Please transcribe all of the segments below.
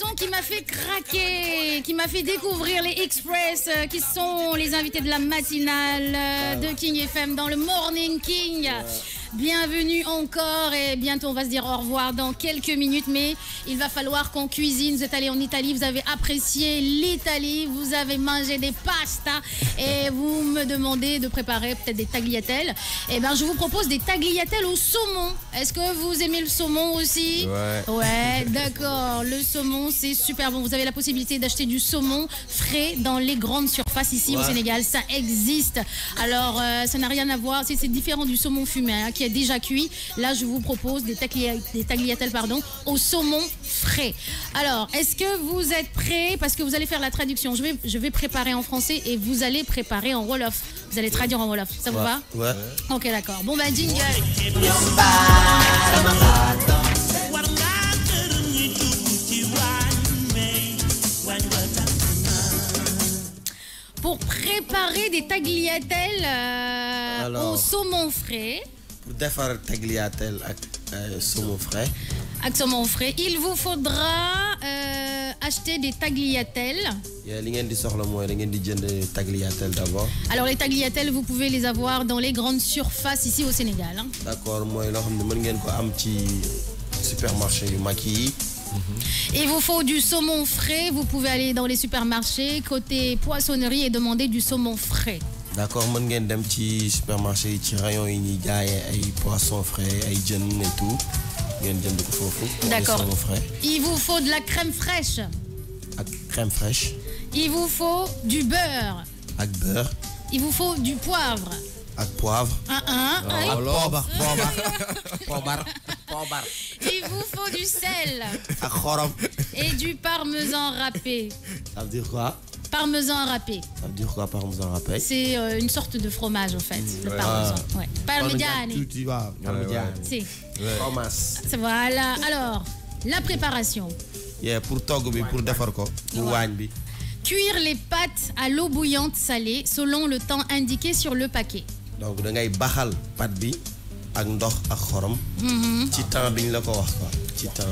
ton qui m'a fait craquer, qui m'a fait découvrir les Express, euh, qui sont les invités de la matinale euh, de ah. King FM dans le Morning King. Bienvenue encore et bientôt on va se dire au revoir dans quelques minutes, mais il va falloir qu'on cuisine. Vous êtes allé en Italie, vous avez apprécié l'Italie, vous avez mangé des pastas et vous me demandez de préparer peut-être des tagliatelles. Eh bien, je vous propose des tagliatelles au saumon. Est-ce que vous aimez le saumon aussi Ouais. Ouais, d'accord. Le saumon, c'est super bon. Vous avez la possibilité d'acheter du saumon frais dans les grandes surfaces ici au Sénégal. Ça existe. Alors, euh, ça n'a rien à voir. C'est différent du saumon fumé hein, qui est déjà cuit. Là, je vous propose des, tagliatelles, des pardon, au saumon frais. Alors, est-ce que vous êtes prêts Parce que vous allez faire la traduction. Je vais, je vais préparer en français et vous allez préparer en Wolof. Vous allez traduire en Wolof. Ça vous va Ouais. Ok, d'accord. Bon, ben, jingle. pour préparer des tagliatelles euh, au saumon frais. Pour faire tagliatelles avec euh, saumon frais. saumon frais, il vous faudra euh, acheter des tagliatelles. Alors les tagliatelles, vous pouvez les avoir dans les grandes surfaces ici au Sénégal. Hein. D'accord, moi, je vais vous supermarché, maquis Mhm. Il vous faut du saumon frais. Vous pouvez aller dans les supermarchés côté poissonnerie et demander du saumon frais. D'accord, moi dem petit supermarché supermarchés, ci rayon yi poissons frais ay et tout D'accord. Il vous faut de la crème fraîche. crème fraîche. Il vous faut du beurre. Du beurre. Il vous faut du poivre. Du poivre. Ah ah. Il vous faut du sel. Ah, Et du parmesan râpé. Ça veut dire quoi Parmesan râpé. Ça veut dire quoi, parmesan râpé C'est euh, une sorte de fromage, en fait, le parmesan. Ah. Ouais. Parmigiani. Tu, vas. Parmigiani. Si. Ouais. Voilà. Alors, la préparation. Yeah, pour Togo, pour Dafarko, pour Wanbi. Cuire les pâtes à l'eau bouillante salée selon le temps indiqué sur le paquet. Donc, vous avez pâte ak ndox ak xorom. Mhm. ci temps biñ la ko wax quoi ci temps.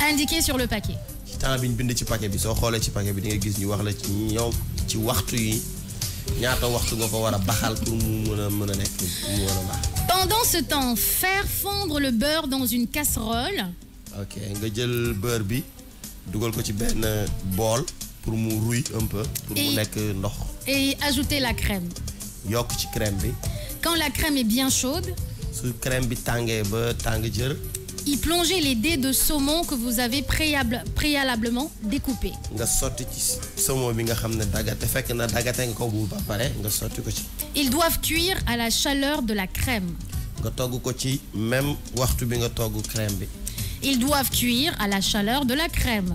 indiqué sur le paquet. ci temps bi bind ci paquet bi so xolé ci paquet bi di nga gis ñu wax la ci ñoom ci waxtu yi ñaata waxtu nga ko wara baxal pour mu mën a nek a nekk mu mën a pendant ce temps faire fondre le beurre dans une casserole. ok nga jël beurre bi dugal ko ci ben bool pour mu rouille un peu. pour mu nek ndox. et ajouter la crème. yok ci crème bi. quand la crème est bien chaude y plonger les dés de saumon que vous avez préalablement découpés. Ils doivent cuire à la chaleur de la crème. Ils doivent cuire à la chaleur de la crème.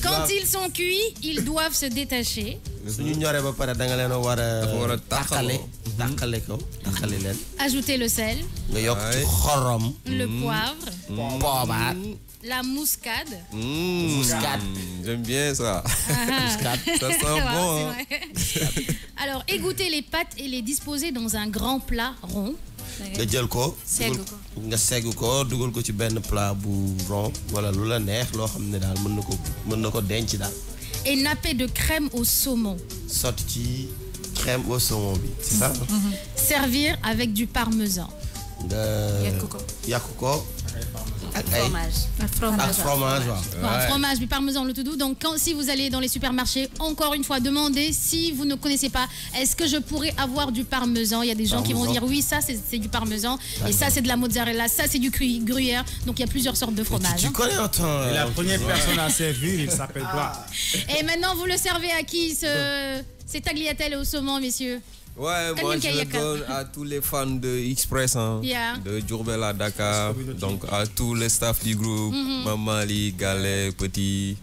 Quand ils sont cuits, ils doivent se détacher. Mm-hmm. Ajoutez le sel. le mm-hmm. poivre. Mm-hmm. La mouscade. J'aime bien ça. Ah, ah. Hein. Alors, égouttez les pâtes et les disposer dans un grand plat rond nga jël ko nga segg ko dugal ko ci benn plat bu rond wala lu la neex loo xam ne daal mën na ko mën na ko denc daal et nappé de crème au saumon sotti ci crème au saumon bi c'est ça mhm. Mhm. servir avec du parmesan nga yàq ko fromage Un fromage Un fromage du parmesan tout doux. donc si vous allez dans les supermarchés encore une fois demandez si vous ne connaissez pas est-ce que je pourrais avoir du parmesan il y a des gens qui vont dire oui ça c'est du parmesan et ça c'est de la mozzarella ça c'est du gruyère donc il y a plusieurs sortes de fromages. tu hein. connais euh, la première personne à servir il s'appelle quoi et maintenant vous le servez à qui ce agliatelle tagliatelles au saumon messieurs Ouais, moi je le donne à tous les fans de Express, hein. de Djourbel à Dakar, donc à tous les staff du groupe, mm-hmm. Mamali, Galet, Petit,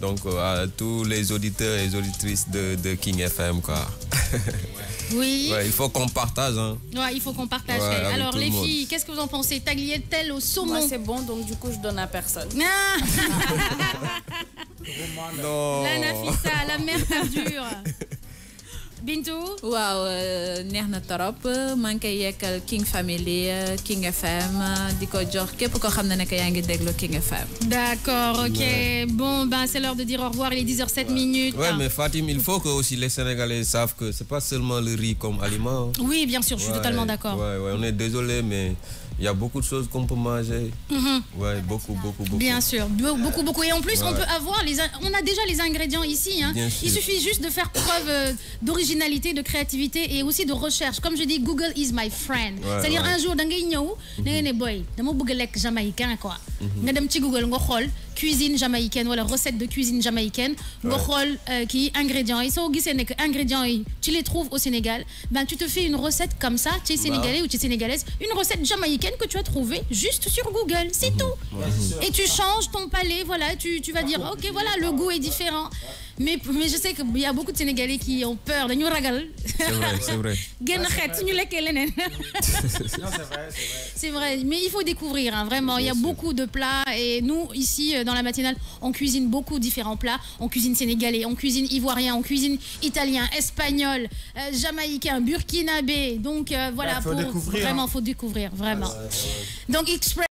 donc à tous les auditeurs et auditrices de, King FM. Quoi. Oui. Ouais, il faut qu'on partage. Hein. Ouais, il faut qu'on partage. Alors, les filles, qu'est-ce que vous en pensez Tagliatelle au saumon c'est bon, donc du coup, je donne à personne. Ah. non La Nafissa, la mer perdure. Bintou Waouh, na torop King Family King FM Diko George ko King FM. d'accord ok bon ben c'est l'heure de dire au revoir il est 10h07 minutes. ouais mais Fatim il faut que aussi les Sénégalais savent que c'est pas seulement le riz comme aliment. Hein. oui bien sûr je suis totalement d'accord. ouais ouais on est désolé mais. Il y a beaucoup de choses qu'on peut manger. Mhm. Ouais, beaucoup, beaucoup, beaucoup. Bien sûr, beaucoup, beaucoup. Et en plus, on peut avoir les, on a déjà les ingrédients ici. Hein. Il suffit juste de faire preuve euh, d'originalité, de créativité et aussi de recherche. Comme je dis, Google is my friend. C'est-à-dire un jour, dans mhm. boy, jamaïcain quoi madame dem ci Google cuisine jamaïcaine wala recette de cuisine jamaïcaine nga qui euh, ingrédients yi sont que ingrédients tu les trouves au Sénégal ben tu te fais une recette comme ça es sénégalais ou es sénégalaise une recette jamaïcaine que tu as trouvée juste sur Google c'est mhm. tout et tu changes ton palais voilà tu tu vas dire ok voilà le goût est différent mais mais je sais qu'il y a beaucoup de Sénégalais qui ont peur de ragal. c'est vrai c'est vrai. c'est vrai c'est vrai. mais il faut découvrir hein, vraiment il y a beaucoup de plats et nous ici euh, dans la matinale on cuisine beaucoup différents plats on cuisine sénégalais on cuisine ivoirien on cuisine italien espagnol euh, jamaïcain burkinabé donc euh, voilà. Bah, faut vraiment hein. faut découvrir vraiment. Ah,